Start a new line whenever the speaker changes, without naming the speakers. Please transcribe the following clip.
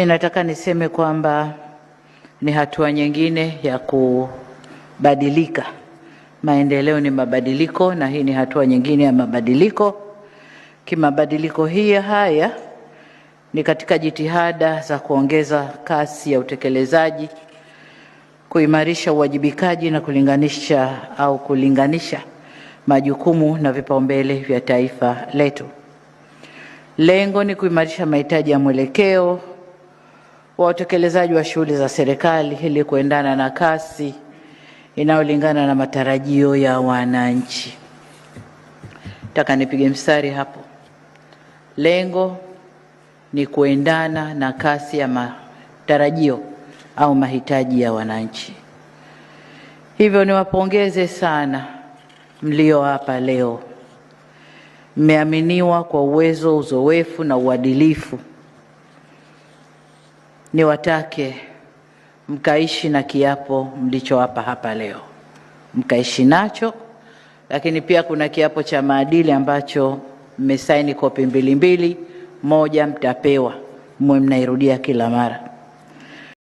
nataka niseme kwamba ni hatua nyingine ya kubadilika. Maendeleo ni mabadiliko, na hii ni hatua nyingine ya mabadiliko. Kimabadiliko hii haya ni katika jitihada za kuongeza kasi ya utekelezaji, kuimarisha uwajibikaji na kulinganisha au kulinganisha majukumu na vipaumbele vya taifa letu. Lengo ni kuimarisha mahitaji ya mwelekeo wa utekelezaji wa shughuli za serikali ili kuendana na kasi inayolingana na matarajio ya wananchi. Nataka nipige mstari hapo. Lengo ni kuendana na kasi ya matarajio au mahitaji ya wananchi. Hivyo niwapongeze sana mlio hapa leo, mmeaminiwa kwa uwezo, uzoefu na uadilifu niwatake mkaishi na kiapo mlichowapa hapa leo, mkaishi nacho, lakini pia kuna kiapo cha maadili ambacho mmesaini kopi mbili mbili, moja mtapewa, mwe mnairudia kila mara.